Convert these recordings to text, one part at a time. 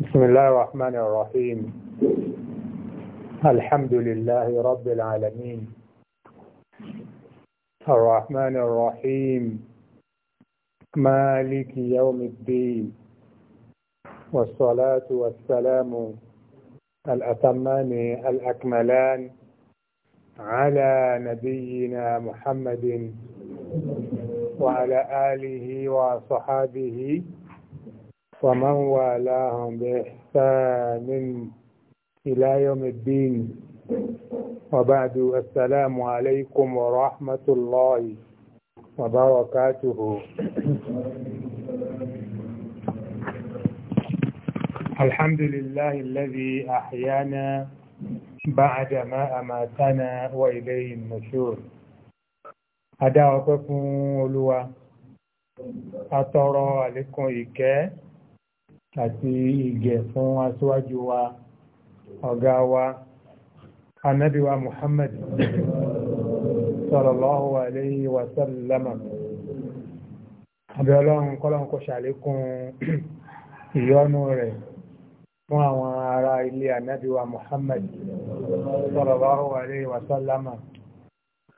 بسم الله الرحمن الرحيم الحمد لله رب العالمين الرحمن الرحيم مالك يوم الدين والصلاة والسلام الأتمان الأكملان على نبينا محمد وعلى آله وصحابه ومن والاهم بإحسان إلى يوم الدين وبعد السلام عليكم ورحمة الله وبركاته الحمد لله الذي أحيانا بعد ما أماتنا وإليه النشور أدعوكم أولوة أترى لكم إكاه àti ìgẹ̀ fún aṣíwájú wa ọ̀gá wa anábí wa Muhammad sallallahu alayhi wa sallama àbẹ̀ ọlọ́run kọ́lọ́run kó ṣàlékún ìyọ́nú rẹ̀ fún àwọn ará ilé anábí wa Muhammad sallallahu alayhi wa sallama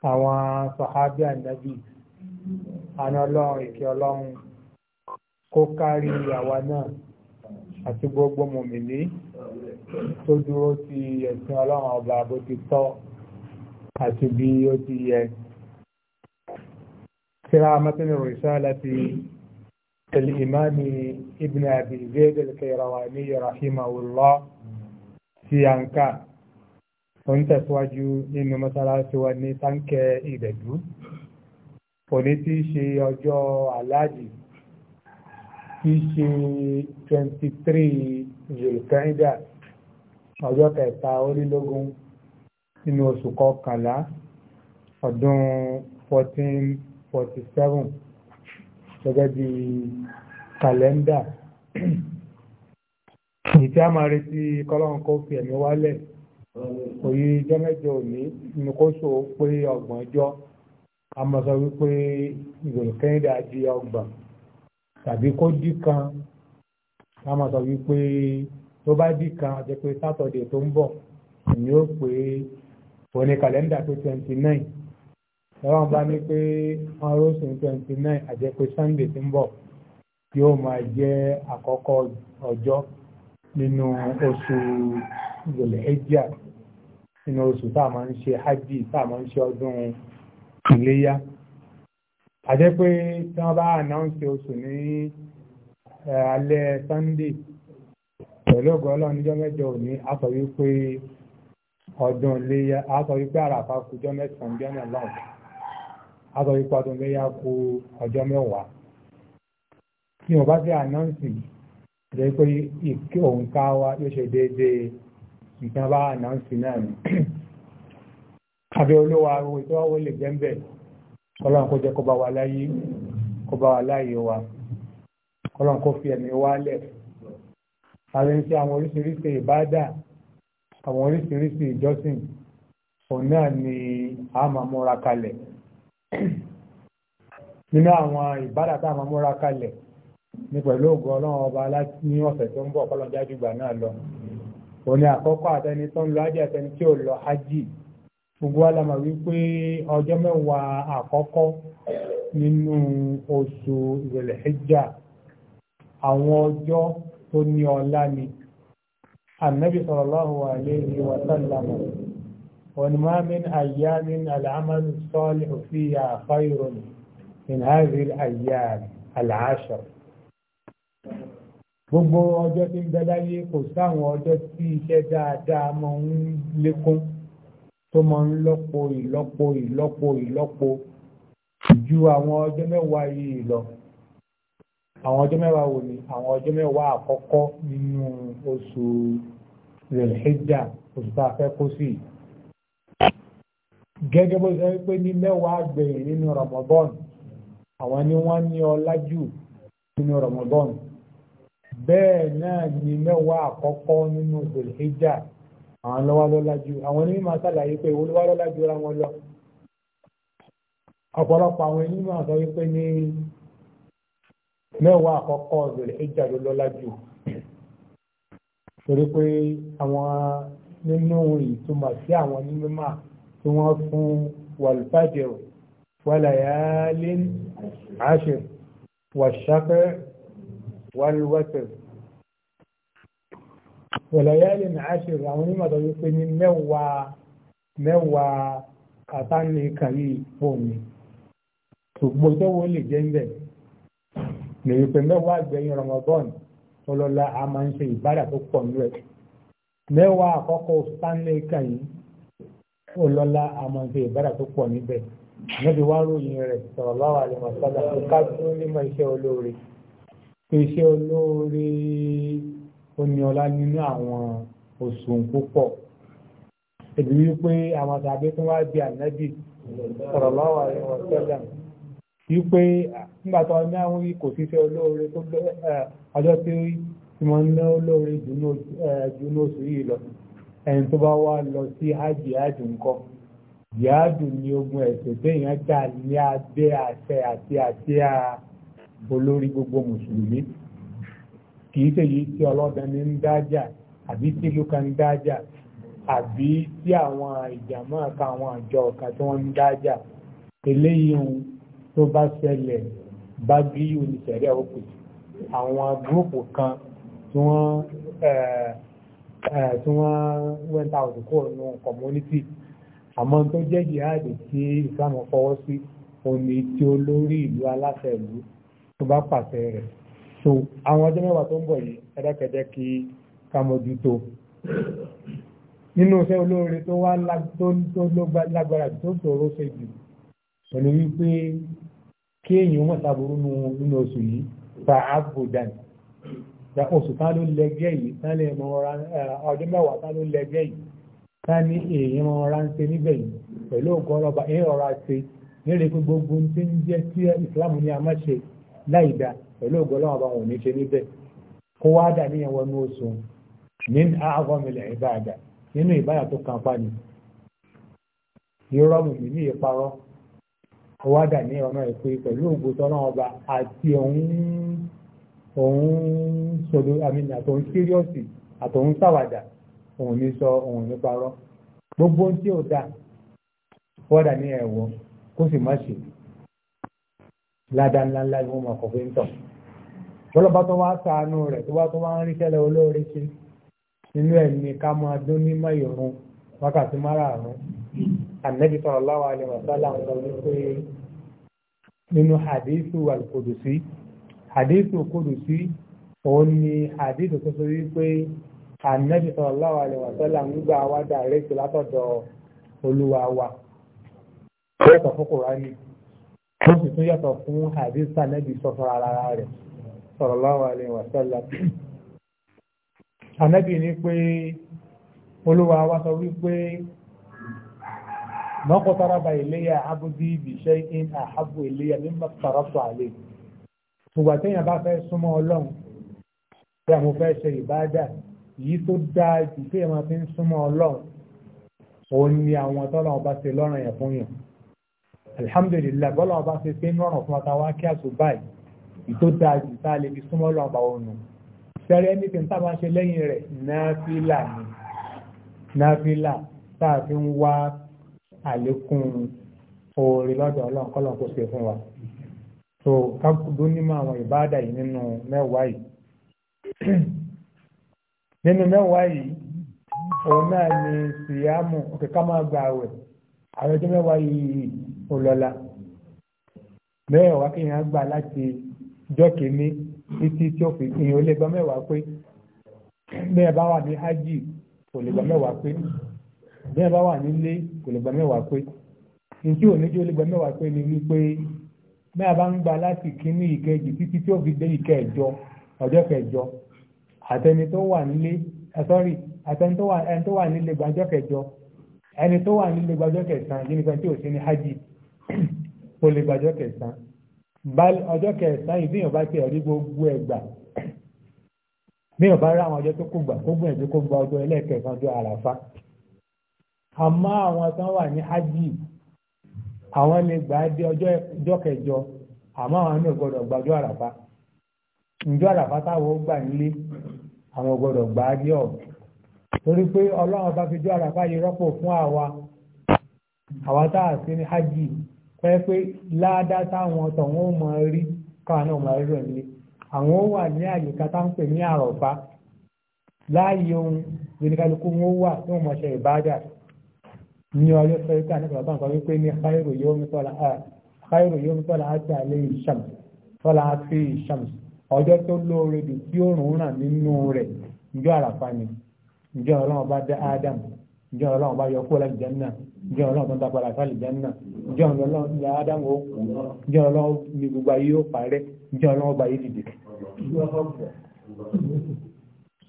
àwọn sàhábí àti gbogbo mùmìnì tó dúró ti ẹ̀sìn ọlọ́run ọba bó ti tọ́ àti bí ó ti yẹ. Kíra mẹ́tẹ́lẹ̀ risalati al-imam ibn abi zayd al-kayrawani rahimahullah ti yanka ó ń tẹ̀síwájú nínú mọ́sálásí wa ní sáńkẹ́ ìbẹ̀dú òní tí ṣe ọjọ́ aláàjì tí ṣe 23 zulkaida ọjọ́ kẹta orílógún nínú oṣù kọkànlá ọdún 1447 gẹ́gẹ́ bí kàlẹ́ndà ìtí a máa retí kọ́lọ́n kó fi ẹ̀mí wálẹ̀ òyí ijọ́ mẹ́jọ òní ní kó so pé ọgbọ̀n ọjọ́ a mọ̀ sọ wípé zulkaida di ọgbọ̀n tàbí kó dí kan ká máa sọ wípé tó bá dí kan àti pé sátọ̀dẹ̀ tó ń bọ̀ ni ó pé òun kàlẹ́ndà tó twenty nine lọ́wọ́n bá ní pé wọ́n twenty nine àti pé sunday ti ń bọ̀ yóò máa jẹ́ àkọ́kọ́ ọjọ́ nínú oṣù ìgbòlẹ̀ ẹ̀jíà nínú oṣù tá a máa ń ṣe hajj tá a máa ń ṣe ọdún iléyá àjẹ́ pé tí wọ́n bá ànáùnsì oṣù ní alẹ́ sunday pẹ̀lú ògùn ọlọ́run níjọ́ mẹ́jọ òní a sọ wípé ọdún léyà a sọ wípé àràfà kù jọ́ mẹ́sàn-án jọ́ mẹ́lọ́n a sọ wípé ọdún léyà kù ọjọ́ mẹ́wàá tí wọ́n bá sí ànáùnsì jẹ́ pé ìkí òun ká wá yóò ṣe déédéé ìtàn bá ànáùnsì náà ni àbí olówó ariwo tí wọ́n jẹ́ ń bẹ̀rẹ̀ kọ́lọ́n kó jẹ́ kó bá wà láyé kó bá wà láyé wa kọ́lọ́n kó fi ẹ̀mí wálẹ̀ àwọn iṣẹ́ àwọn oríṣiríṣi ìbádà àwọn oríṣiríṣi ìjọsìn òun náà ni a máa múra kalẹ̀ nínú àwọn ìbádà tá a máa múra kalẹ̀ ní pẹ̀lú ògùn ọlọ́run ọba ní ọ̀sẹ̀ tó ń bọ̀ kọ́lọ́n gbà náà lọ òun ni àkọ́kọ́ àtẹni tó ń lọ ájì àtẹni tí ò lọ ájì gbogbo wa la mọ̀ wípé ọjọ́ mẹ́wàá àkọ́kọ́ nínú oṣù ìrẹ̀lẹ̀ hijja àwọn ọjọ́ tó ní ọlá ni annabi sallallahu alayhi wa sallam wọn ma min ayyamin al'amalu salihu fiha khairun min hadhihi al-ayyam tó máa ń lọ́po ìlọ́po ìlọ́po ìlọ́po ju àwọn ọjọ́ mẹ́wàá yìí lọ àwọn ọjọ́ mẹ́wàá wò ni àwọn ọjọ́ mẹ́wàá àkọ́kọ́ nínú oṣù Zulhijja oṣù tá a fẹ́ kó sí gẹ́gẹ́ bó ṣe pé ní mẹ́wàá gbẹ̀yìn nínú Ramadan àwọn ni wọ́n ní ọlá jù nínú Ramadan bẹ́ẹ̀ náà ni mẹ́wàá àkọ́kọ́ nínú Zulhijja àwọn lọ́wọ́ lọ́lá ju àwọn onímọ̀ sàlàyé pé owó lọ́wọ́ lọ́lá ju ra wọn lọ ọ̀pọ̀lọpọ̀ àwọn onímọ̀ sọ wípé ní mẹ́wàá àkọ́kọ́ ìbẹ̀rẹ̀ ìjà ló lọ́lá jù torí pé àwọn nínú ìtumọ̀ sí àwọn onímọ̀ tí wọ́n fún wàlúfàjẹ̀ wàlàyálín àṣẹ wàṣàkẹ́ wàlúwẹ́tẹ̀ẹ́ wọ̀lọ̀yẹ́lì nàáṣẹ̀rù àwọn onímọ̀ tó wípé ní mẹ́wàá mẹ́wàá kàtánì kàrí òní ṣùgbọ́n tó wọ́n lè jẹ́ ń bẹ̀ lè wípé mẹ́wàá àgbẹ̀yìn Ramadan ọlọ́lá a máa ń ṣe ìbádà tó pọ̀ nú ẹ̀ mẹ́wàá àkọ́kọ́ stanley kàrí ọlọ́lá a máa ń ṣe ìbádà tó pọ̀ níbẹ̀ níbi wá ròyìn rẹ̀ sallallahu alaihi wasallam ká tún nímọ̀ iṣẹ́ olóore iṣẹ́ olóore ó ní ọlá nínú àwọn oṣù púpọ̀ èdè wípé àwọn tàbí tó wá bí ànábì sallallahu alaihi wasallam wípé nígbàtọ̀ ní àwọn kò síṣẹ́ olóore tó ọjọ́ tí tí wọ́n ná olóore jùnú oṣù yìí lọ ẹni tó bá wá lọ sí hajj hajj nǹkan jihadu ni ogun ẹ̀sẹ̀ téèyàn gbà ní abẹ́ àṣẹ àti àṣẹ olórí gbogbo mùsùlùmí kìí tèyí tí ọlọ́dẹ ní ń dájà àbí tí ìlú kan ń dájà àbí tí àwọn ìjàmọ́ àka àwọn àjọ ọ̀ka tí wọ́n ń dájà eléyìí ohun tó bá ṣẹlẹ̀ bá bí oníṣẹ̀rẹ́ òkè àwọn gúrùpù kan tí wọ́n tí wọ́n went out community àmọ́ tó jẹ́ jihadi tí Islam fọwọ́ sí òní tí olórí ìlú aláṣẹ ìlú tó bá pàṣẹ rẹ̀ so àwọn ọjọ́ mẹ́wàá tó ń bọ̀ yìí ẹ̀dẹ́kẹ̀jẹ́ kí ká mójútó nínú iṣẹ́ olóore tó wá lágbára tó ṣòro ṣe jù pẹ̀lú wípé kí èèyàn mọ̀ sábúrú nínú oṣù yìí fa àbùdá ìgbà oṣù tá ló lẹ́gẹ́ yìí tá lè mọ ọdún mẹ́wàá tá ló lẹ́gẹ́ yìí tá ní èèyàn mọ ọ̀rá ń ṣe níbẹ̀ yìí pẹ̀lú ògùn ọlọ́ba èèyàn ọ̀rá ṣe nírèé pé gbogbo ohun tí ń jẹ́ tí ìsìlámù ní a má ṣe láì pẹ̀lú ògbọ́lọ́wọ́ bá wọn ò ní ṣe níbẹ̀ kó wá dà níyẹn wọnú oṣù ní àgọ́mìlẹ̀ ìbáàdà nínú ìbáyà tó kan pa ni irọ́ mi ní ìparọ́ kó wá dà ní ọ̀nà ìpè pẹ̀lú ògbótọ́lọ́wọ́ bá àti òun òun sọdọ àmì àtòun síríọ́sì àtòun sàwàdà òun ní sọ òun ní parọ́ gbogbo tí ò dà wọ́dà ní ẹ̀wọ̀ kó sì má ṣe ládàá ńláńlá ni wọ́n máa kọ̀ fún tọ̀ tọ́lọ́bá tó wá sàánú rẹ̀ tó bá tó wá ń rí sẹ́lẹ̀ olóore sí nínú ẹ̀ ní ká máa dún ní mọ́yòrún wákàtí márààrún ànẹ́bí sallallahu alaihi wasallam ń sọ wípé nínú hadithu al-Qudusi hadithu Qudusi òun ni hadithu tó sọ wípé ànẹ́bí sallallahu alaihi wasallam ń gbà wá dàrẹ́kì látọ̀dọ̀ olúwa wa yàtọ̀ fún Kùránì ó sì tún yàtọ̀ fún hadithu ànẹ́bí sọ sallallahu alaihi wa sallam ànábì ní pé olúwa wa sọ wípé mọ́kọ̀tàràbà iléyà abúdí bìṣẹ́ in àhábù iléyà ní mọ́kọ̀tàràbà àlè ṣùgbà téèyàn bá fẹ́ súnmọ́ ọlọ́run bí àwọn fẹ́ ṣe ìbádà yìí tó dáa jù téèyàn máa fi ń súnmọ́ ọlọ́run òun ìtò dáa jù tá a lè fi súnmọ́ lọ́wọ́ àwọn ọ̀nà sẹ́rẹ́ ní tẹ̀ǹtà máa ṣe lẹ́yìn rẹ̀ náfìlà ni náfìlà tá a fi ń wá àlékún oore lọ́dọ̀ ọlọ́run kọ́lọ́n kó ṣe fún wa so kákùdú nímọ̀ àwọn ìbáàdà yìí nínú mẹ́wàá yìí nínú mẹ́wàá yìí òun náà ni síyámù òkè ká máa gba àwẹ̀ àwọn ọjọ́ mẹ́wàá yìí ò lọ́la mẹ́wàá kéèyàn gbà láti jọ́ kìíní títí tí ó fi èèyàn ó lè gba mẹ́wàá pé bí ẹ bá wà ní hajj kò lè gba mẹ́wàá pé bí ẹ bá wà nílé kò lè gba mẹ́wàá pé nítí ò tí ó lè gba mẹ́wàá pé ni wípé bí a bá ń gba láti kìíní ìkejì títí tí ó fi dé ìkẹjọ ọjọ́ kẹjọ àtẹni tó wà nílé eh, sorry àtẹni tó wà ẹni tó wà nílé gbàjọ́ kẹjọ ẹni tó wà nílé gbàjọ́ kẹsàn-án yìí nìkan tí ò sí ní hajj kò lè gbàjọ́ kẹsàn ọjọ́ kẹta án ìbí yàn bá ti ẹ̀rí gbogbo ẹ̀gbà bí yàn bá ọjọ́ tó kù gbà kó gbìyànjú kó gba ọjọ́ ẹlẹ́ẹ̀kẹsàn ọjọ́ àràfá àmọ́ àwọn tán wà ní ájì àwọn lè gbà á dé ọjọ́ kẹjọ àmọ́ àwọn àràfá ǹjọ́ àràfá táwọn ó gbà nílé àwọn á dé torí pé ọlọ́run bá fi àràfá yìí rọ́pò fún àwa pẹ́ pé láàdá táwọn tọ̀wọ́n mọ rí káwọn náà mọ rí ẹ̀lẹ́ àwọn ó wà ní àyíká tá ń pè ní àrọ̀fá láàyè ohun gbẹdẹkálukú wọn ó wà tí wọn mọ ṣe ìbádà ní ọjọ́ sọ wípé àti bàbá nǹkan wípé ní khairu yawmi tala'at alayhi shams tala'at fihi shams ọjọ́ tó lóore dùn tí òòrùn ràn nínú rẹ̀ ìjọ àràfà ni ìjọ ọlọ́run bá dá Adam ìjọ ọlọ́run bá yọ kó lẹ́yìn jẹ́ náà jẹ́ ọlọ́run tó ń dápadà sáàlì jẹ́nà jẹ́ ọlọ́run jẹ́ ọlọ́run ní gbogbo ayé ó parẹ́ jẹ́ ọlọ́run ọba yìí dìde.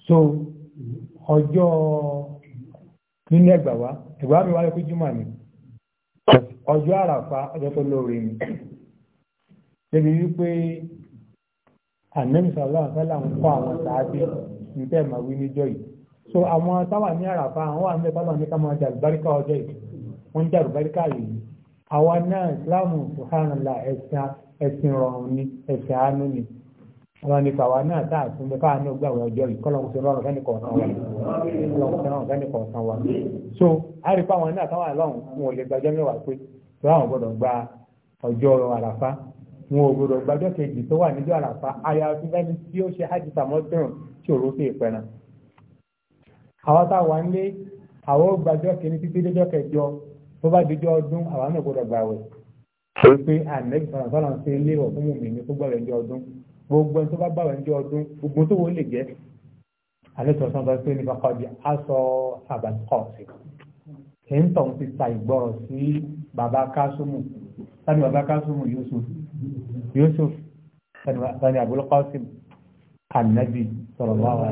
so ọjọ́ nínú ẹgbà wa ẹgbà mi wáyé kújú mà ní ọjọ́ àràfà ọjọ́ tó lóore ni wípé ànẹ́mísọ̀ ọlọ́run fẹ́lá ń kọ́ àwọn ní tẹ́ẹ̀mà wí níjọ́ yìí so àwọn táwà ní àràfà àwọn ní ká máa ọjọ́ wọ́n ń dàrú báríkà yìí àwa náà ìsìláàmù subhanallah ẹ̀sìn ẹ̀sìn rọrùn ni ẹ̀sìn àánú ni àwọn nípa àwa náà tá a tún bẹ káà náà gbàwé ọjọ́ yìí kọ́lọ́hún sí ọlọ́run fẹ́ni kọ̀ọ̀kan wa kọ́lọ́hún sí ọlọ́run fẹ́ni kọ̀ọ̀kan wa so a rí pa àwọn náà táwọn àlọ́hún wọn ò lè gbàjọ́ mẹ́wàá pé láwọn gbọ́dọ̀ gba ọjọ́ àràfá wọn ò gbọ́dọ̀ gbàjọ́ kejì tó wà níjọ́ àràfá aya tí tí ó ṣe hajj samọ́tìrùn tí òru sí ìpẹ́ràn àwọn táwọn ń lé àwọn gbàjọ́ kejì tó bá dijọ́ ọdún àwọn náà gbọ́dọ̀ gbà wẹ̀ torí hmm. pé ànẹ́bí sọ̀rọ̀ sọ̀rọ̀ ṣe léwọ̀ fún mi ní tó gbàwẹ̀ ńjọ́ ọdún gbogbo ẹni tó bá gbàwẹ̀ ńjọ́ ọdún gbogbo tó wọ́n lè jẹ́ ànẹ́bí sọ̀rọ̀ sọ̀rọ̀ ṣe ní bàkọ́ di aṣọ àbàkọ́ọ̀sì kì ń tọ̀ ti ta ìgbọ́rọ̀ sí bàbá kásùmù sani bàbá kásùmù Yusuf Yusuf sani Abul Qasim ànẹ́bí sọ̀rọ̀ wà wà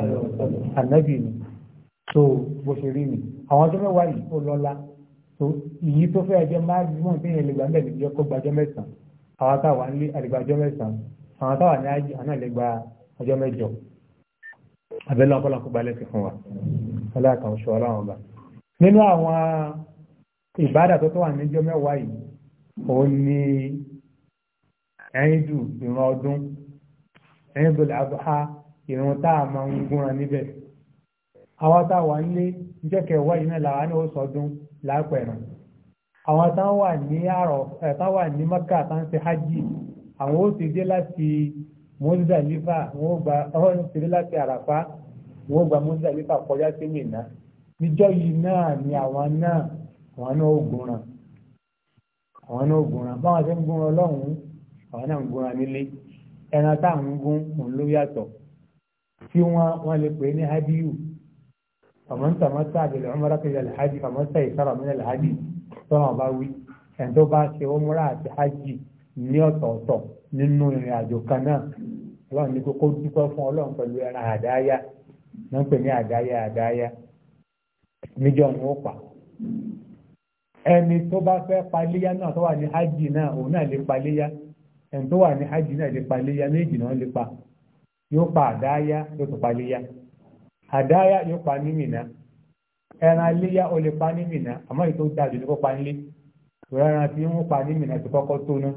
ànẹ́bí ni so bó ṣe rí ni àwọn tó mẹ́wàá yìí ó lọ́lá so ìyí tó fẹ́ ẹjọ́ maximum tí yẹn lè gbà mẹ́rin jẹ́ kó gbàjọ́ mẹ́sàn-án àwọn táwa ń lé àlègbàjọ́ mẹ́sàn-án àwọn táwa ní ájì àná lè gba ọjọ́ mẹ́jọ abẹ́lẹ́ ọkọ́lọ́ kó gbalẹ̀ sí fún wa ọlọ́àkàn oṣù ọlọ́run ọba nínú àwọn ìbádà tó tó wà níjọ́ mẹ́wàá yìí òun ni ẹ̀yìn dù ìran ọdún ẹ̀yìn bọ̀lẹ̀ àbúhá ìran táà máa ń gúnra níbẹ̀ àwọn táwa ń lé jẹ́kẹ̀ẹ́wá yìí náà làwọn á ní ó sọdún lápẹ̀rẹ̀ àwọn táwọn wà ní àrọ̀ táwọn wà ní mọ́kà táwọn ṣe hajj àwọn ó ti dé láti mọ́sálífà wọ́n gba ọ́n ti dé láti àràfá wọ́n gba mọ́sálífà kọjá sí mìíràn níjọ́ yìí náà ni àwọn náà àwọn náà ó gbóran àwọn náà gúnra báwọn ṣe ń gúnra ọlọ́run àwọn náà ń gúnra nílé ẹran tá ń gún òun ló yàtọ̀ tí wọ́n wọ́n lè pè ní hadiyu فمن تمتع بالعمرة إلى الحج فمن سيسر من الحج tọ́nà bá wí ẹni tó bá ṣe ọmúra àti hajj ní ọ̀tọ̀ọ̀tọ̀ nínú ìrìn àjò kan náà ọlọ́run ní kókó dúpẹ́ fún ọlọ́run pẹ̀lú ẹran àdáyá náà ń pè ní àdáyá àdáyá níjọ́ ni ó pa ẹni tó bá fẹ́ paléyá náà tó wà ní hajj náà òun náà lè paléyá ẹni tó wà ní hajj náà lè paléyá méjì náà lè pa yóò pa àdáyá yóò tún paléyá. àdáyà ni ó pa ní mìíràn ẹran iléyà ó lè pa ní mìíràn àmọ́ èyí tó dáa jù ní kó pa nílé tí wọ́n pa ní mìíràn ti kọ́kọ́ tó ná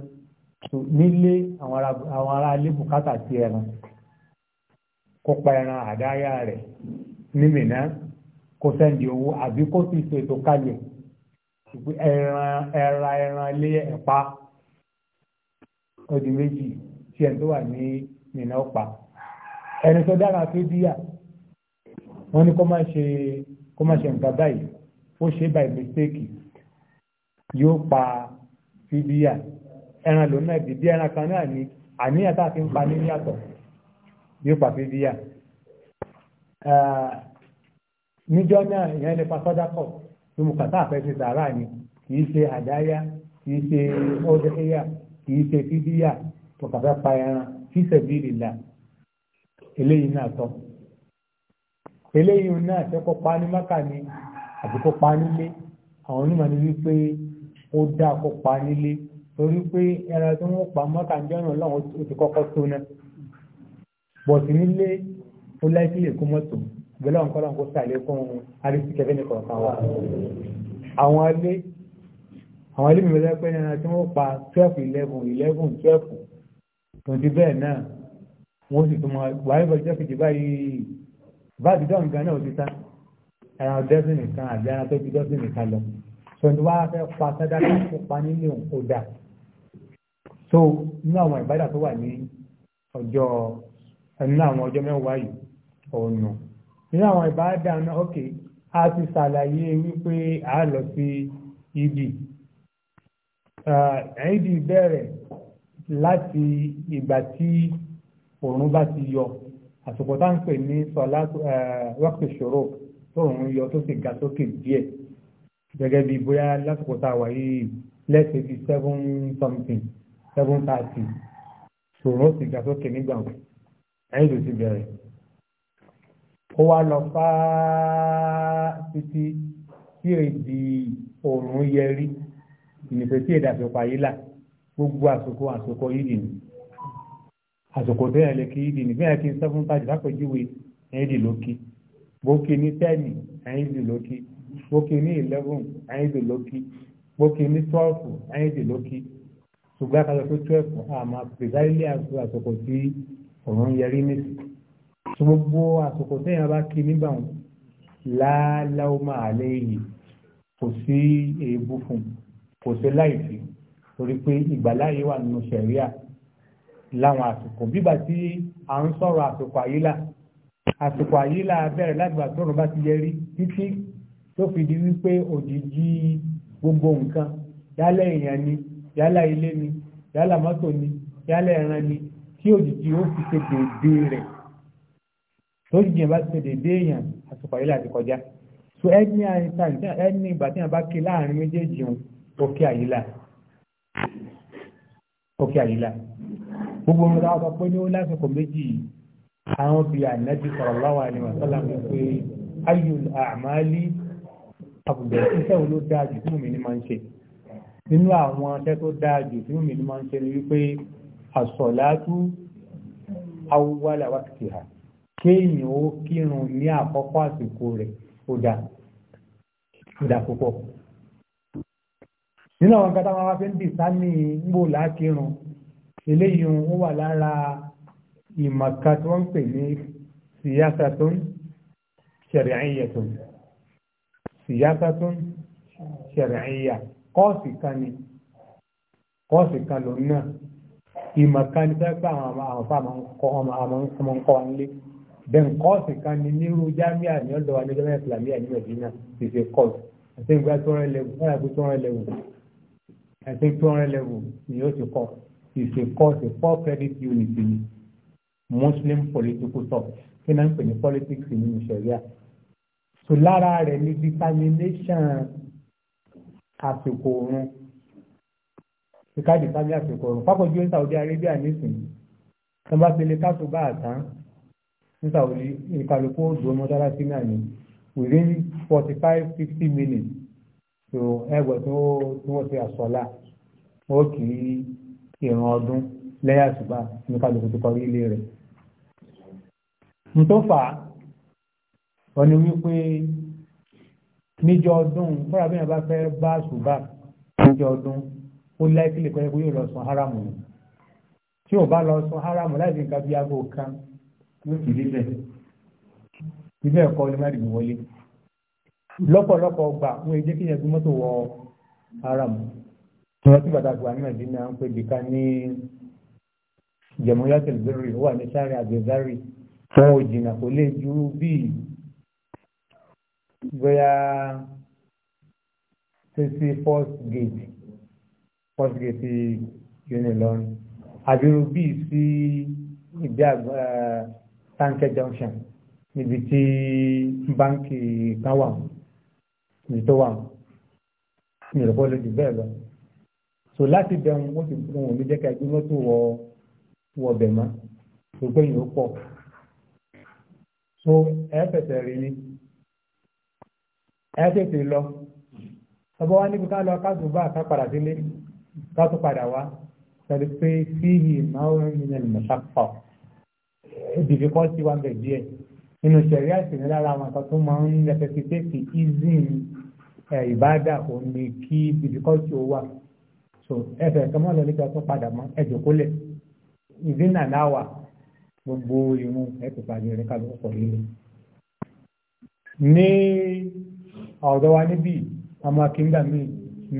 nílé àwọn ará ilé bùkátà ẹran kó pa ẹran àdáyà rẹ̀ ní mìíràn kó sẹ́ndì owó àbí kó sì ètò ẹran ẹran ẹran méjì tí ẹni tó wà ní mìíràn ó pa ẹni wọ́n ní kó má ṣe kó má ṣe nǹkan báyìí ó ṣe by mistake yóò pa fídíà ẹran lòun náà dìde ẹran kan náà ni àníyàn tá a fi ń pa ní yàtọ̀ yóò pa fídíà níjọ́ náà ìyẹn lè pa sọ́dá kọ̀ tó mú kàtà àfẹ́ ṣe sàárà ni kì í ṣe àdáyá kì í ṣe ọdẹ́yà kì í ṣe fídíà tó kàfẹ́ pa ẹran fíṣẹ̀ bíi ìlà eléyìí náà tọ́ eléyìí náà ṣe kó pa ní mọ́kà ni àti kó pa nílé àwọn onímọ̀ ni wípé ó dá kó pa nílé torí pé ẹran tí wọ́n pa mọ́kà ń jọ́nà lọ́wọ́ ó ti kọ́kọ́ tó náà bọ̀sì nílé ó láìsí lè kó mọ́tò ìgbẹ́lẹ̀ ọ̀nkọ́lá kó sàlẹ̀ fún un arísí kẹfẹ́ ní kọ̀ọ̀kan wa àwọn alé àwọn alé mìíràn lẹ́pẹ́ ẹran tí wọ́n pa twelve eleven eleven twelve tòun ti bẹ́ẹ̀ náà wọ́n sì tún mọ wàá ìbọ̀jọ́ kejì báyìí báàbí dán gan náà ó ti tán ẹran dẹ́sìn nìkan àbí ẹran tó ju dẹ́sìn nìkan lọ tòun tó wá fẹ́ pa sádàkà tó pa nílé òun kó dà tó nínú àwọn ìbádà tó wà ní ọjọ́ nínú àwọn ọjọ́ mẹ́wàá yìí ọ̀nà nínú àwọn ìbádà náà ókè a ti ṣàlàyé wípé a lọ sí ìdì ìdì bẹ̀rẹ̀ láti ìgbà tí òòrùn bá ti yọ àsìkò tá ń pè ní sọlá wákìtì ṣòro tóun yọ tó sì ga sókè díẹ̀ gẹ́gẹ́ bí bóyá lásìkò tá a wà yìí lẹ́sẹ̀ bíi seven something seven thirty ṣòro sì ga sókè nígbà wọn ẹ̀yìn ló ti bẹ̀rẹ̀ ó wá lọ fáá títí tí èdè òòrùn yẹrí ìnìfẹ́ tí èdè àsopọ̀ gbogbo àsopọ̀ àsopọ̀ yìí nìyí àsìkò tó yẹn lè kí ìdì ní bí yẹn kí seven thirty lápèjúwe ẹ̀yìn lókì bókì ní ten ẹ̀yìn lókì bókì ní eleven ẹ̀yìn lókì bókì ní twelve ẹ̀yìn lókì ṣùgbọ́n àkàtà tó twelve àmà pèsáìlì àsìkò tí òun yẹrí nìsí gbogbo àsìkò tó yẹn bá kí nígbà wọn láàláwọ́ máa léyìí kò sí èébú fún kò sí láìsí láwọn àsìkò bígbà tí à ń sọ̀rọ̀ àsìkò àyílà àsìkò àyílà bẹ̀rẹ̀ lágbà tóòrùn bá ti yẹrí títí tó fi di wípé òjìji gbogbo nǹkan yálẹ̀ èèyàn ni yálà ilé ni yálà mọ́tò ni yálà ẹran ni tí òjìji ó fi ṣe dèédé rẹ̀ tó jìjì bá ti ṣe dèédé èèyàn àsìkò àyílà ti kọjá so ẹni àìsàn ìgbà tí wọn bá ké láàrin méjèèjì òkè àyílà òkè àyílà gbogbo ọmọdé àwọn sọpọ̀ ní ó lásìkò méjì àwọn bí ànábì sallallahu alaihi wasallam pé ayyul a'mali àbùdẹ̀ iṣẹ́ wo ló dáa jù tí mòmí ní máa ń ṣe nínú àwọn iṣẹ́ tó dáa jù tí mòmí ní máa ń ṣe ni wípé as-salatu awwala waqtiha kéèyàn ó kírun ní àkọ́kọ́ àsìkò rẹ̀ ó dáa ó púpọ̀ nínú àwọn kátà wọn wá fi ń dì sáà ní gbòòlá kírun eléyìí ó wà lára ìmọ̀ká tí wọ́n ń pè ní siyasatun shari'iyyatun siyasatun shari'iyya kọ́ọ̀sì kan ni kọ́ọ̀sì kan lòun náà ìmọ̀ká ni fẹ́ pé àwọn àǹfà ọmọ ń kọ́ nílé bẹ́ẹ̀ kọ́ọ̀sì kan ni nírú jámíà ní ọ̀dọ̀ wa ní jọ́mọ́ ìsìlámíà ní Mẹ̀dínà ti ṣe kọ́ọ̀sì àti ìgbà tó rẹ̀ lẹ́wù ẹ̀rọ tó rẹ̀ lẹ́wù ẹ̀sìn tó rẹ̀ lẹ́wù ni yóò ti kọ́ọ̀sì is a course a four credit unit ni muslim political talk kí náà ń pè ní politics nínú ìṣẹ̀ríà so lára rẹ̀ ni determination àsìkò oorun ìkáàdì sábẹ àsìkò oorun fákòjú ní Saudi Arabia nísìnyí tó bá fi lè káàtó bá àtàn ní Saudi ìkàlùkù òdò mọ́tàlásí náà ni within forty five fifty minutes so ẹgbẹ́ tó wọ́n ṣe àsọ̀lá ó kì í ìran ọdún lẹ́yà àṣùbà ní kálukú tó kọrí ilé rẹ̀. n tó fà á wọ́n ni wípé níjọ ọdún bọ́ra bí wọ́n bá fẹ́ bá àṣùbà níjọ ọdún ó láìpẹ́ lè pẹ́ yóò lọ sùn háràmù tí ò bá lọ sùn háràmù láì fi nǹkan bí aago kan ló ti rí bẹ́ẹ̀ ibẹ̀ ẹ̀kọ́ lè má dìbò wọlé lọ́pọ̀lọpọ̀ gbà wọ́n èdè kíyàn gbé mọ́tò wọ háràmù wọ́n ti bàtà fún àníwá ìdí náà ń pè bí ká ní jẹ̀múyà tẹ̀lifíìrì wà ní sáré àgbẹ̀zárì fún òjìnà kò lè ju bí bóyá sisi first gate first gate unilọrin àbírú bí sí ìdí tanker junction níbi tí báńkì kan wà níbi tó wà ní ìrọ̀pọ̀ lójú bẹ́ẹ̀ lọ so láti bẹ̀rù wọ́n ti fún òní jẹ́ ká ẹgbẹ́ mọ́tò wọ wọ bẹ̀ mọ́ gbogbo ó pọ̀ so ẹ fẹsẹ̀ rí ni ẹ tètè lọ ọba wa níbi ká lọ ká tún bá ká padà sílé ká tún padà wá pẹ̀lú pé fíìhì máa ń ní ẹlẹ́mọ̀tà pọ̀ ìdìbò kan sí wa bẹ̀ díẹ̀ nínú sẹ̀rí àìsàn lára àwọn kan tó máa ń lẹ́fẹ̀ẹ́ fi tẹ́sí ìzìn ìbádà òun ni kí difficulty ó wà so ẹfẹ̀ kan mọ́ lọ nípa tún padà mọ́ ẹjọ́ kólẹ̀ ìdínà náwà gbogbo irun ẹ̀pẹ̀pẹ̀ àjẹrẹ kálukú pọ̀ líle. ní ọ̀dọ̀ wa níbí ọmọ akíngbà míì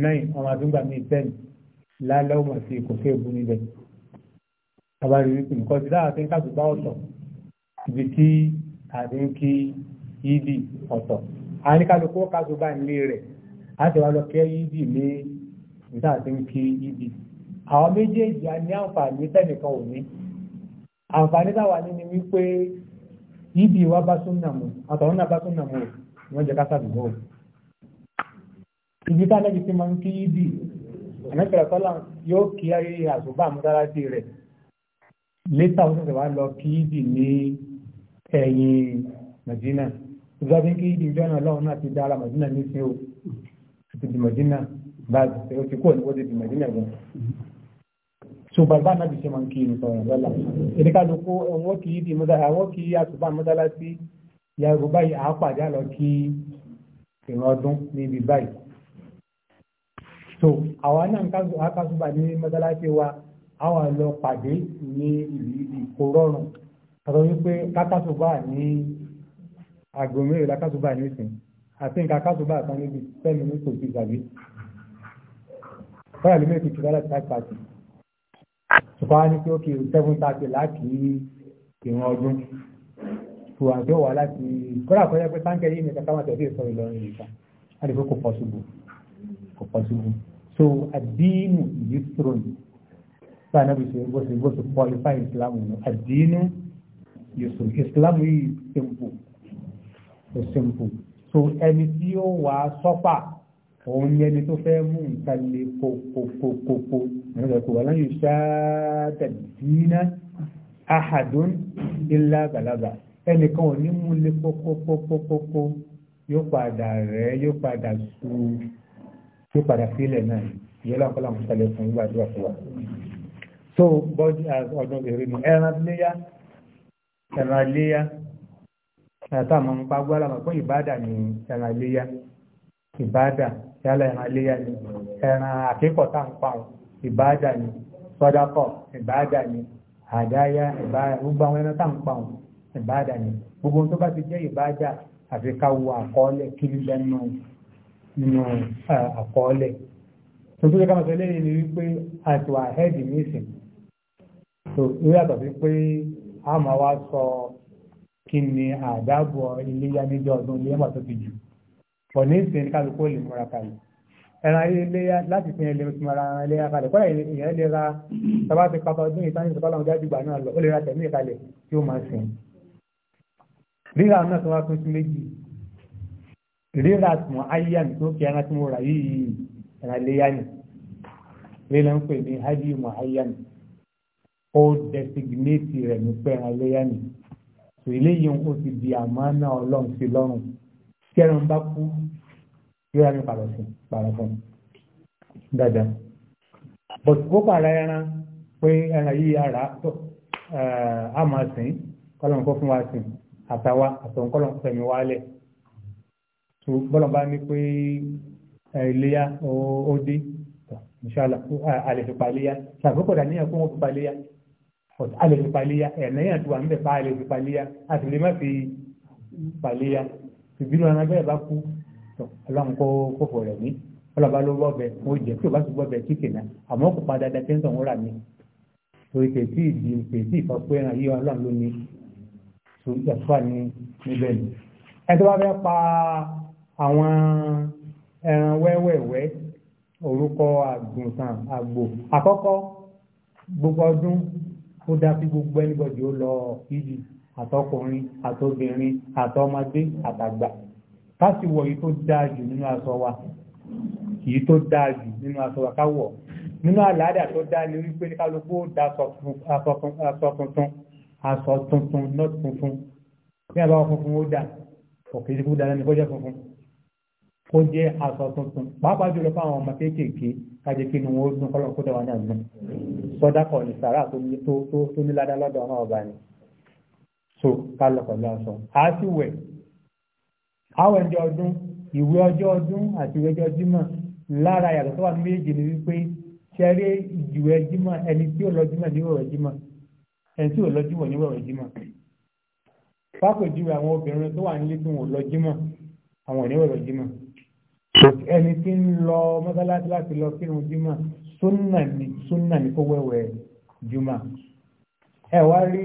nine ọmọ akíngbà míì ten lálẹ́ ọmọ sí kò fẹ́ bu níbẹ̀. àbárí wípé nǹkan ti dáhà sí ń kàtó bá ọ̀tọ̀ ibi tí àti ń kí yídì ọ̀tọ̀. àníkálukú kàtó bá ń lé rẹ̀ á ti wá lọ kẹ́ yídì ní níta àti ń kí ibi àwọn méjèèjì a ní àǹfààní tẹ́nìkan ò ní àǹfààní táwa ní ni wípé ibi wa bá súnà mu àtàwọn náà bá súnà mu wọ́n jẹ́ ká sàdúgbò ibi tá lẹ́bi tí máa ń kí ibi àmẹ́fẹ̀rẹ̀ tọ́lá yóò kí ayé àṣùbà mọ́sálásí rẹ̀ létà ó ṣẹ̀ṣẹ̀ wá lọ kí ibi ní ẹ̀yìn Màdínà ìjọba kí ibi ìjọ náà lọ́run náà ti dára Màdínà ní sí o ti Màdínà báyìí ó ti kó ó ti tìmọ̀ ìdílé gan. so bàbá náà ti ṣe máa ń kí ni sọ̀rọ̀ lọ́la èdè kálukú àwọn kì í di àwọn kì í àtúbà mọ́sálásí yàgò báyìí àápàdé àlọ́ kí ìran ọdún níbi báyìí. so àwa náà ń kásùbà ní mọ́sálásí wa àwa lọ pàdé ní ìlú ìkó rọrùn àtọ́ wípé kákásùbà ní àgọ́ mẹ́rin lákásùbà ní ìsìn àti nǹkan kásùbà kan níbi ten minutes to six àbí kọ́yà ló mẹ́kì tìrọ́lá ti five ṣùgbọ́n a ní pé ókè seven thirty láti ìran ọdún tó àjọ wà láti kọ́lá kọ́yà pé táǹkẹ́ yìí nìkan káwọn tẹ̀lé sọ Ìlọrin nìkan a lè fẹ́ kò pọ́sibú kò pọ́sibú so àdínù yusrun bá a nábì ṣe bó ṣe bó ṣe qualify Islam nù àdínù yusrun Islam yìí simple so simple so ẹni tí ó wà sọ́fà. So, òun ni ẹni tó fẹ́ mú nǹkan lè kòkòkòkò ẹ̀rọ̀kòwà láyé ṣáàtàdínà àhàdún ilá gbàlagbà ẹnìkan ò ní mú lè kòkòkòkòkò yóò padà rẹ̀ yóò padà sú yóò padà sílẹ̀ náà yóò láǹkọ́ láǹkọ́ sálẹ̀ fún ìgbà tó wà tó so bọ́dí ọdún èrè nù ẹran léyà ẹran léyà àtàwọn ọmọ pàgbọ́ àlàmọ́ fún ìbádà ẹran léyà ìbáàdà yálà ẹran ni ẹran àkíkọ̀tà ń pa wọn ìbáàdà ni sọ́dákọ̀ ìbáàdà ni àdáyá ìbáàdà gbogbo àwọn ẹran tá ń pa wọn ìbáàdà ni gbogbo tó bá ti jẹ́ ìbáàdà àfi ká wo àkọọ́lẹ̀ kí ní bẹ́ẹ̀ nù nínú àkọọ́lẹ̀ tó tó jẹ́ ká máa sọ lẹ́yìn ni wípé àti wà ni pọ̀ ní ìsìn kálukú lè múra kalẹ̀ ẹran iléyà láti fi ẹlẹ́ fi mara ẹran iléyà kalẹ̀ kọ́lá ìyẹn lè ra sábà ti pàtó ọdún ìtàn ìsìn kọ́lá ọ̀dájú gbà náà lọ ó lè ra tẹ̀mí ìkalẹ̀ tí ó máa sìn rírà náà tó wá pín sí méjì rírà tún ayé àmì tó kí ẹran tí mo rà yìí ẹran iléyà ni lílọ ń pè ní hajj mu ayé àmì ó designate rẹ̀ ní pẹ́ ẹran iléyà ni tò ó ti di àmánà ọlọ́run sí lọ́rùn tí ẹran bá kú yóò rárá pàrọ̀ sí pàrọ̀ fún dáadáa but ó pàrọ̀ ẹran pé ẹran yìí ara eh, a máa sìn kọ́lọ́n kó fún wa sìn àtàwa àtọ̀hún kọ́lọ́n fẹ̀mí wálẹ̀ tó bọ́lọ̀ bá ní pé eh, iléyà ó dé inshallah àlèfipá iléyà ṣàkókò dàníyàn kó wọn fi pa iléyà àlèfipá iléyà ẹ̀ẹ́nẹ́yàn tó wà ń bẹ̀ pa àlèfipá iléyà àtìlẹ́mọ́ fi pa ìbínú ẹran bẹ́ẹ̀ bá kú ọlọ́run kó kófò rẹ̀ mí ọlọ́ba ló gbọ́bẹ̀ wọ́n jẹ́ tí o bá ti gbọ́bẹ̀ kíkì náà àmọ́ kò padà dá tẹ́ńtọ̀ ń rà mí torí kèsì ìdí kèsì ìfọ̀pẹ́ ẹran yìí ọlọ́run ló ní ìyàtúwà ní níbẹ̀ ni. ẹ tó bá fẹ́ pa àwọn ẹran wẹ́wẹ̀wẹ́ orúkọ àgùntàn àgbò àkọ́kọ́ gbogbo ọdún ó dá sí gbogbo ẹnìbọ̀dì ó lọ ìdí àtọkùnrin àtobìnrin àtọmọdé àtàgbà káàsì wọ èyí tó dáa jù nínú aṣọ wa èyí tó dáa jù nínú aṣọ wa káwọ̀ nínú àlàádà tó dáa ní wípé ní kálukú ó da aṣọ tuntun aṣọ tuntun náà tuntun bí a bá wọ funfun ó dà òkèèrè kó dára ní kó jẹ́ funfun kó jẹ́ aṣọ tuntun pàápàá jùlọ fáwọn ọmọ kéékèèké kájẹ kí ni wọn ó dún kọlọ kó dáwà náà nù sọdá kọ ní sàrà tó ní ládá lọ́dọ̀ ọmọ ọba ni so ká lọ pẹ̀lú aṣọ a sì wẹ̀ àwọn ẹjọ́ ọdún ìwé ọjọ́ ọdún àti ìwé ọjọ́ jímọ̀ lára yàtọ̀ tó wà ní méjì ni wípé ṣẹ́rí ìwé jímọ̀ ẹni tí ò lọ jímọ̀ ní wẹ̀wẹ̀ jímọ̀ ẹni tí ò lọ jímọ̀ ní wẹ̀wẹ̀ jímọ̀ fákòjúwe àwọn obìnrin tó wà nílé tí wọn ò lọ jímọ̀ àwọn ò ní wẹ̀wẹ̀ ẹni tí ń lọ mọ́sálásí láti lọ kírun jímọ̀ súnà ni súnà ni kó wẹ̀wẹ̀ jímọ̀ ẹ wá rí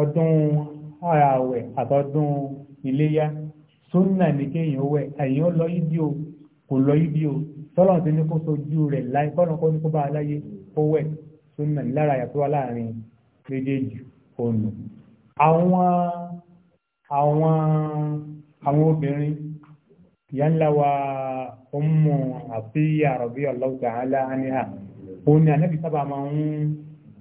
ọdún ààwẹ̀ àtọdún iléyá sunna ní kéèyàn wẹ̀ ẹ̀yìn ó lọ yídí o kò lọ yídí o tọ́lọ̀ ti ní kó sojú rẹ̀ láì kọ́nà kó ní kó bá a láyé kó wẹ̀ sunna ní lára yàtọ̀ wá láàrin méjèèjì òòlù. àwọn àwọn àwọn obìnrin ìyá ńlá wa Ummu Atiyya radiyallahu ta'ala anha òun ni ànábì sábà máa ń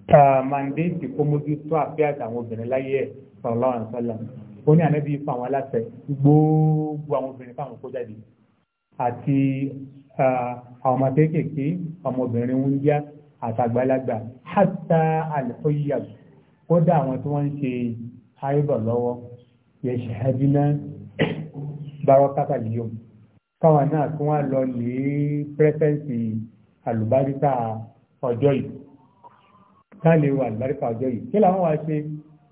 mandate kó mójútó àfẹ́ àtàwọn obìnrin láyé ẹ̀ sallallahu alaihi wasallam ó ní ànábì fún àwọn aláṣẹ gbogbo àwọn obìnrin fáwọn kó jáde àti àwọn ọmọ kéékèèké ọmọbìnrin ń yá àtàgbàlagbà hátà àlùfóyà kódà àwọn tí wọ́n ń ṣe àìbọ̀ lọ́wọ́ yẹ̀ṣẹ̀hẹ́dínà bárọ́kátà yíò káwọn náà tí wọ́n lọ lè pẹ́sẹ̀ǹsì àlùbáríkà ọjọ́ yìí káàlè wà lárúkà ọjọ́ yìí kí làwọn wá ṣe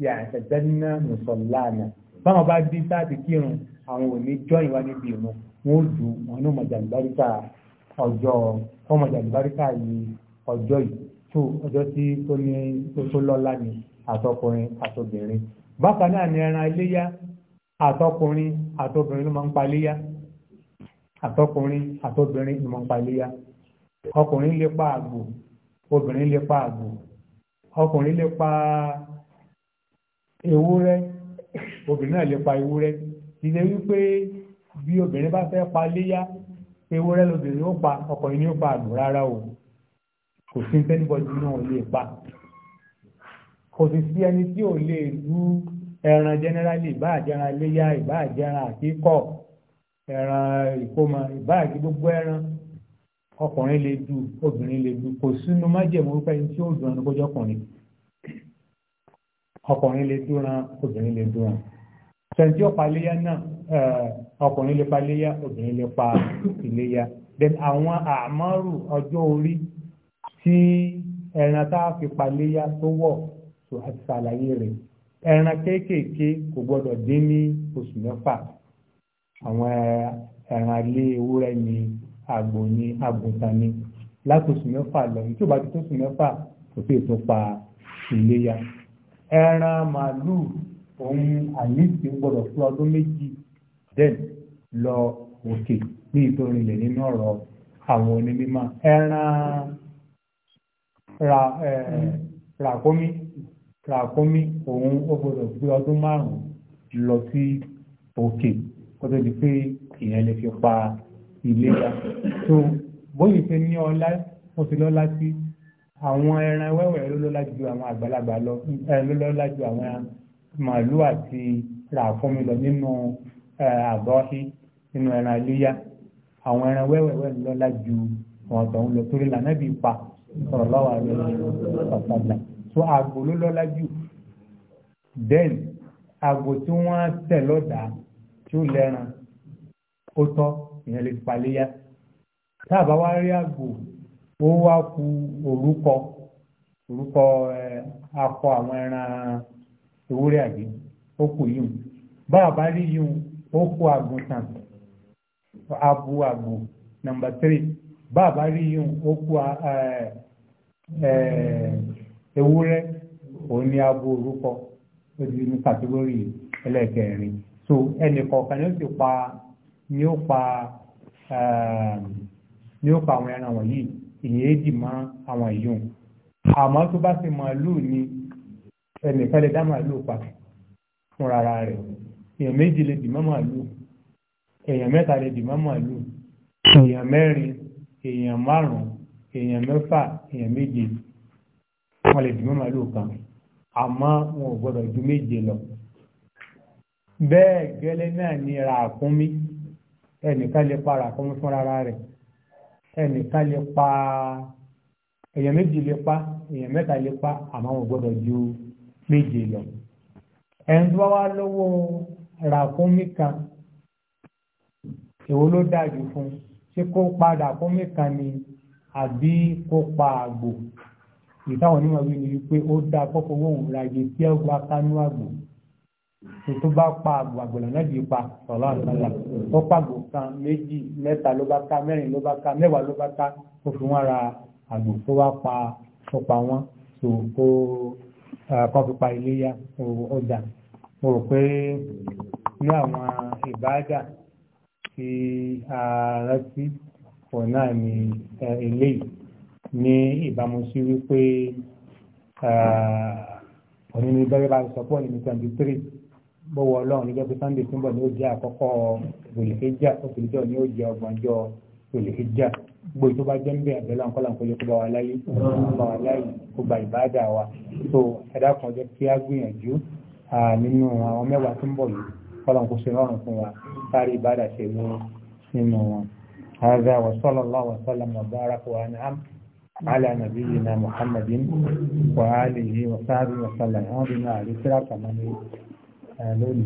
yà àṣẹjẹ́nà mùsọ̀láàmù báwọn bá dé sáàtì kírun àwọn ò ní jọ́ ìwá níbi ìrun wọn ó dùn wọn ní ọmọjà lárúkà ọjọ́ ọmọjà lárúkà yìí ọjọ́ yìí tó ọjọ́ tí tó ní tó lọ́lá ni àtọkùnrin àtobìnrin bákan náà ni ẹran iléyá àtọkùnrin àtobìnrin ló máa ń pa iléyá àtọkùnrin àtobìnrin ló máa ń pa iléyá ọkùnrin lè pa àgbò obìnrin lè pa àgbò ọkùnrin lè pa ewúrẹ́ obìnrin náà lè pa ewúrẹ́ ìdè wípé bí obìnrin bá fẹ́ pa léyá ewúrẹ́ lóbìnrin ó pa ọkùnrin ni ó pa àgbò rárá o kò sí tẹ́nibọ́dì náà lè pa kò sì sí ẹni tí ò lè rú ẹran jẹnẹrálì ìbá léyá ìbá àjẹran ẹran ìkómọ ìbá gbogbo ẹran ọkùnrin lè du obìnrin lè du kò sínú májèmú wípé ẹni tí ó dùn ẹni kójọ́ ọkùnrin ọkùnrin lè dúran obìnrin lè dúran sẹ́ni tí ó pa iléyá náà ọkùnrin lè pa iléyá obìnrin lè pa iléyá then àwọn àmọ́rù ọjọ́ orí tí ẹran tá a fi pa iléyá tó wọ̀ tó a ti ṣàlàyé rẹ̀ ẹran kéékèèké kò gbọ́dọ̀ dín ní oṣù mẹ́fà àwọn ẹran ilé ewúrẹ́ ni àgbò ni àgùntàn ni látòṣù mẹ́fà lọ tí ó bá ti tóṣù mẹ́fà kò sí ètò pa ìléya ẹran màálùú òun àníṣe gbọdọ̀ fún ọdún méjì then lọ òkè ní ìtòrinlẹ̀ nínú ọ̀rọ̀ àwọn onímọ̀ ẹran ràkómi ràkómi òun ó gbọdọ̀ fún ọdún márùn-ún lọ sí òkè kó tó di pé ìyẹn lè fi pa ìlera tó bóyí ṣe ní ọlá ó ti lọ́lá sí àwọn ẹran wẹ́wẹ́ ló lọ́lá ju àwọn àgbàlagbà lọ ló lọ́lá ju àwọn màálù àti ràfúnmi lọ nínú àgọ́hí nínú ẹran iléyà àwọn ẹran wẹ́wẹ́wẹ́ ló lọ́lá ju àwọn ọ̀tọ̀ ń lọ torí lànàbí pa sọ̀rọ̀ lọ́wọ́ rẹ̀ ọ̀sàgbà tó àgbò ló lọ́lá jù then àgbò tí wọ́n tẹ̀ lọ́dà tí ó lẹ́ran ó tọ́ èèyàn lè paléyà tá a bá wá rí àgbò ó wá ku orúkọ orúkọ ẹ akọ àwọn ẹran ewúrẹ́ àgbẹ̀ ó kù yìí bá a bá rí yìí ó àgùntàn àgbò nàmbà tírì bá a bá rí yìí ó kù ewúrẹ́ òun ni orúkọ ó ní so ẹnì ni ó pa ehm, ni ó pa àwọn ẹran wọ̀nyí ìyẹn èdì mọ́ àwọn ìyún àmọ́ tó bá ti màálù ni ẹnìkan lè dá màálù pa fúnra rẹ̀ èèyàn méjì lè dì mọ́ màálù èèyàn mẹ́ta lè dì mọ́ màálù èèyàn mẹ́rin èèyàn márùn-ún èèyàn mẹ́fà èèyàn méje wọ́n lè dì mọ́ màálù kan àmọ́ wọn ò gbọ́dọ̀ ju méje lọ bẹ́ẹ̀ gẹ́lẹ́ náà ni ràkúnmí ẹnìkan lè pa ràkúnmí fúnra rẹ̀ ẹnìkan lè pa èèyàn méjì lè pa èèyàn mẹ́ta lè pa àmọ́ wọn gbọ́dọ̀ ju méje lọ ẹni tó ràkúnmí kan èwo ló dáa fún ṣé kó padà ràkúnmí kan ni àbí kó pa àgbò ìtàwọn onímọ̀ wí ni wípé ó dáa kọ́kọ́ wọ́n òun ra iye tí ẹ wá kánú àgbò tó bá pa àgbò àgbọ̀lọ̀ náà bí pa sọ̀rọ̀ àtàlà ó pàgbò kan méjì mẹ́ta ló bá ká mẹ́rin ló bá ká mẹ́wàá ló bá ká ó fi wọ́n ra àgbò tó wá pa ó pa wọ́n tó kó kan fi pa iléyà ọjà mo rò pé ní àwọn ìbáàdà tí a rántí pọ̀ náà ni eléyìí ní ìbámu sí wípé òní ní bẹ́rẹ̀ bá sọ pé ní twenty three bọ́wọ́ ọlọ́run níjọ́ pé sunday túnbọ̀ ni ó jẹ́ àkọ́kọ́ gbòlìkéjà òkèlèjọ́ ni ó jẹ́ ọgbọ̀njọ́ gbòlìkéjà gbòyí tó bá jẹ́ ń bẹ̀ àbẹ̀ lọ́n kọ́lá nǹkan yóò bá wa láyé bá wa láyé kó gba ìbáàdà wa tó ẹ̀dá kan jẹ́ kí á gbìyànjú nínú àwọn mẹ́wàá tó ń bọ̀ yìí kọ́lá kó ṣe rọrùn fún wa sáré ìbáàdà ṣe ní nínú wọn. هذا وصلى على نبينا محمد وآله وصحبه وسلم. هذه ما عليه lónìí